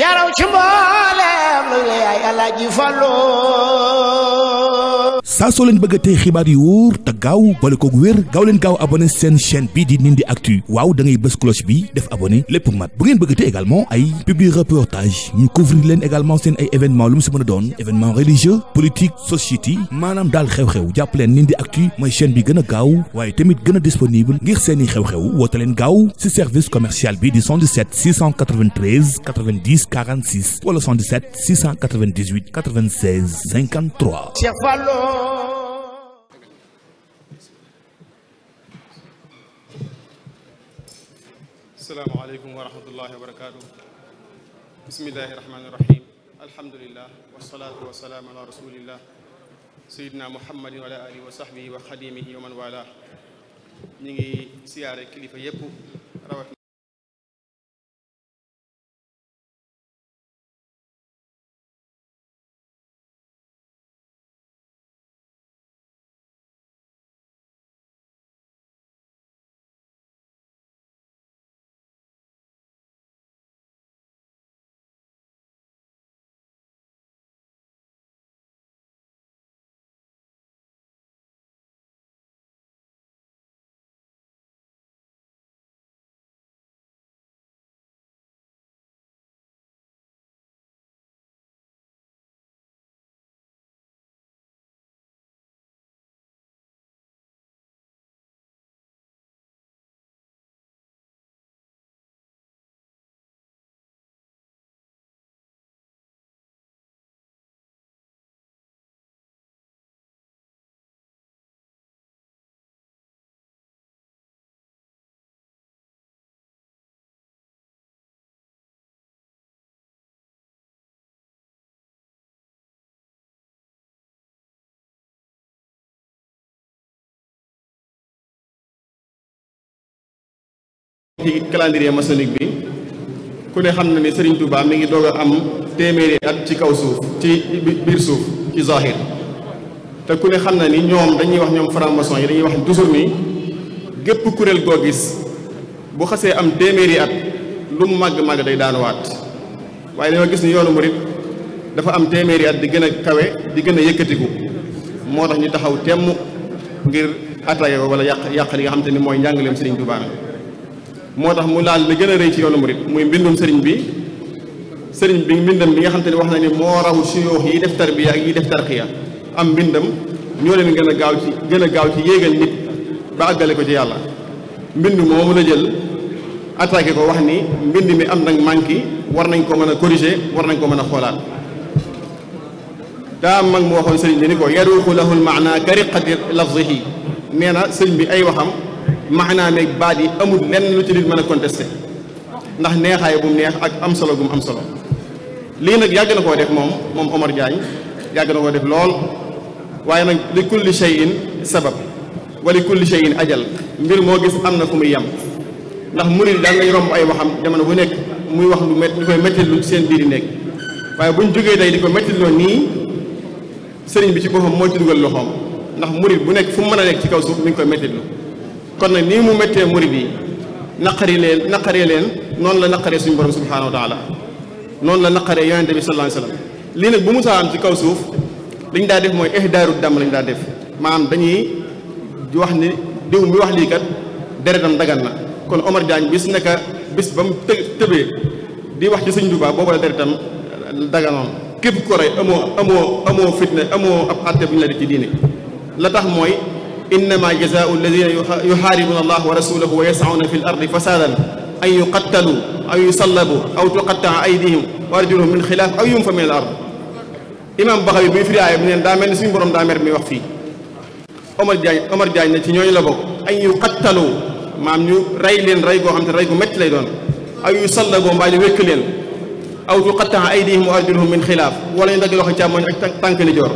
yaraw ci mboolem lu yaay Alaaji Fallu saa soo leen bëgg a xibaar yu wóor te gaaw bale koog wér gaaw gaaw abonné seen chaîne bii di Ndindy Actu waaw da ngay bës cloche bi def abonné lépp mat bu ngeen bëgg te également ay publi reportage ñu couvrir leen également seen ay événement lu si mën a doon événement religieux politique société maanaam daal xew-xew jàpp leen Ndindy Actu mooy chaîne bi gën a gaaw waaye tamit gën a disponible ngir seeni xew-xew woote leen gaaw si service commercial bi di 77 693 90 46 wala 77 698 96 53. Cheikh Fallou asalaamaaleykum wa rahmatullahi wa barakaatu bismillahi rahmaani rahim alhamdulillah wasalaatu wasalaam ala rasulillah sayidna muhammadin wa ala alihi wa sahbihi wa xadimihi wa man wala ñu ngi siyaare kilifa yépp rawat ci calendrier maçonnique bi ku ne xam na ne Serigne Touba mi ngi doog am téeméeri at ci kaw suuf ci biir suuf ci zahir te ku ne xam na ni ñoom dañuy wax ñoom franc-maçon yi dañuy wax toujours ni gépp kuréel goo gis bu xasee am téeméeri at lu mu màgg-màgg day daanuwaat waaye dañoo gis ni yoonu murit dafa am téeméeri at di gën a kawe di gën a yëkkatiku moo tax ñu taxaw temm ngir attaqué ko wala yàq yàq li nga xam ni mooy njàngaleem Serigne Touba moo tax mu laal li gën a rëy ci yoonu murit muy mbindum sëriñ bi sëriñ bi mbindam bi nga xam te ne wax na ni moo raw suyoox yi def tarbiya ak yi def tarxiya am mbindam ñoo leen gën a gaaw ci gën a gaaw ci yéegal nit ba àggale ko ci yàlla mbind moomu la jël attaqué ko wax ni mbind mi am nag manqué war nañ ko mën a corriger war nañ ko mën a xoolaat daa mag mu waxoon sëriñ bi ni ko yaruuxu lahul maana kariqati lafzihi nee na sëriñ bi ay waxam maanaam ak baat yi amul lenn lu ci lii mën a contesté ndax neexaay bu mu neex ak am solo bu mu am solo lii nag yàgg na koo def moom moom Omar Diagne yàgg na koo def lool waaye nag li kulli shay'in sabab wa li kulli shay'in ajal mbir moo gis am na fu muy yem ndax murid daan nañ romb ay waxam jamono bu nekk muy wax lu met lu koy métti lu seen biir yi nekk waaye bu ñu jógee tey di ko métti loo nii sëriñ bi ci boppam moo ci dugal loxoom ndax murid bu nekk fu mu mën ci kaw suuf mi koy métti kon nag nii mu méttee murid yi naqari leen naqaree leen noonu la naqaree suñu borom subhaanahu wa taala noonu la naqaree yonente bi sallallahu alayhi wa lii nag bu mu am ci kaw suuf li ñu daa def mooy ihdaaru dam la ñu daa def maanaam dañuy wax ni diw mi wax lii kat deretam dagan na kon Omar Diagne bis naka bis ba mu të tëbee di wax ci Sëñ Tuubaa boobu la deretam daganoon képp ko rey amoo amoo amoo fitna amoo ab àtte bu ñu la def ci diine la tax mooy innama jazaau alladina yuxaaribuna allah wa rasulahu wa yasauuna fi l ardi fasaadan an yuqattalu aw yusallabu aw tuqattaa aydihim wa arjuluhum min xilaaf aw yunfa min al ard imaam Baxawi bi firi aaya bi neen daa mel ni suñu borom daa mer mi wax fii Omar Diagne Omar Diagne na ci ñooñu la bokk an yuqattalu maam ñu rey leen rey goo xam te rey gu métti lay doon aw yusallabu mbaa ñu wékk leen aw tuqattaa aydihim wa arjuluhum min xilaaf wala ñu dagg loxo càmmoñ ak tànk ni joor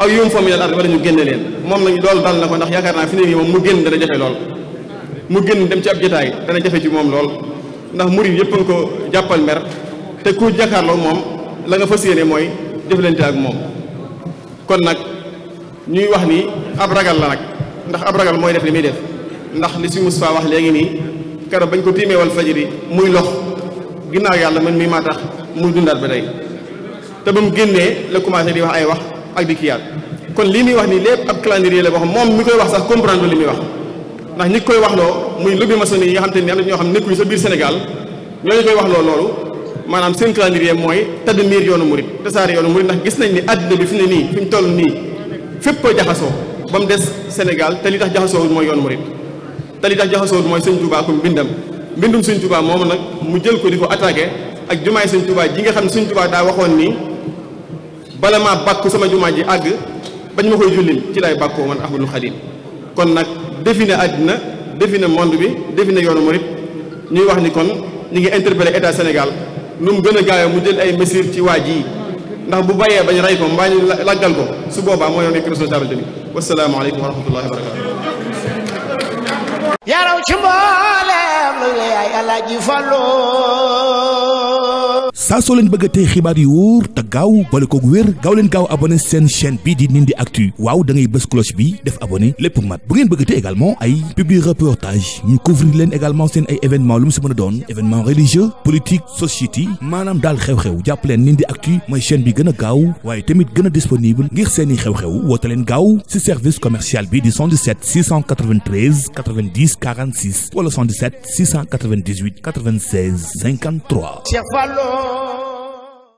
aw yum fa minal ard wala ñu génne leen moom nag loolu dal na ko ndax yaakaar naa fi ne nii moom mu génn dana jafe lool mu génn dem ci ab jotaay dana jafe ci moom lool ndax murid yëpp nga ko jàppal mer te ku jàkkaarloo moom la nga fas yéene mooy jëflante ak moom kon nag ñuy wax ni ab ragal la nag ndax ab ragal mooy def li muy def ndax li si Moustapha wax léegi nii karo bañ ko tiimee wal fajiri muy lox ginnaaw yàlla man mii maa tax muy dundaat ba tey te ba mu la commencé di wax ay wax ak di kiyaat kon lii muy wax nii lépp ab calendrier la boo xam moom mi koy wax sax comprendre li muy wax ndax ñi koy wax loo muy lobby maçon yi nga xam te ni ñoo xam ne sa biir Sénégal ñooñu koy wax loo loolu maanaam seen mooy tëdd miir yoonu murit tasaare yoonu murit ndax gis nañ ni àddina bi fi ne nii fi mu toll nii fépp a jaxasoo ba mu des Sénégal te li tax jaxasoowul mooy yoonu murit te li tax jaxasoowul mooy sëñ Tuubaa ko mbindam mbindum sëñ Tuubaa moom nag mu jël ko di ko attaqué ak jumaay sëñ Tuubaa ji nga xam ne sëñ Tuubaa daa waxoon nii bala maa bàkku sama jumaa ji àgg bañ ma koy jullil ci laay bàkkoo man Ahmadul Xadim kon nag defi na àddina defi na monde bi defi na yoonu murit ñuy wax ni kon ñu ngi interpellé état Sénégal lu mu gën a gaaw mu jël ay mesures ci waa ji ndax bu bàyyee bañ rey ko mbaa ñu laggal ko su boobaa moo nekk responsabilité bi wasalaamaaleykum wa rahmatullahi wa barakaatu. yaraw ci mbooleem lu ay Alaaji Fallu saa soo leen bëgg a xibaar yu wóor te gaaw bale koog wér gaaw gaaw abonné seen chaîne bii di Ndindy Actu waaw da ngay bës cloche bi def abonné lépp mat bu ngeen bëgg te également ay publi reportage ñu couvrir leen également seen ay événement lu si mën a doon événement religieux politique société maanaam daal xew-xew jàpp leen Ndindy Actu mooy chaîne bi gën a gaaw waaye tamit gën a disponible ngir seeni xew-xew woote leen gaaw si service commercial bi di 77 693 90 46 wala 77 698 96 53. Cheikh Fallou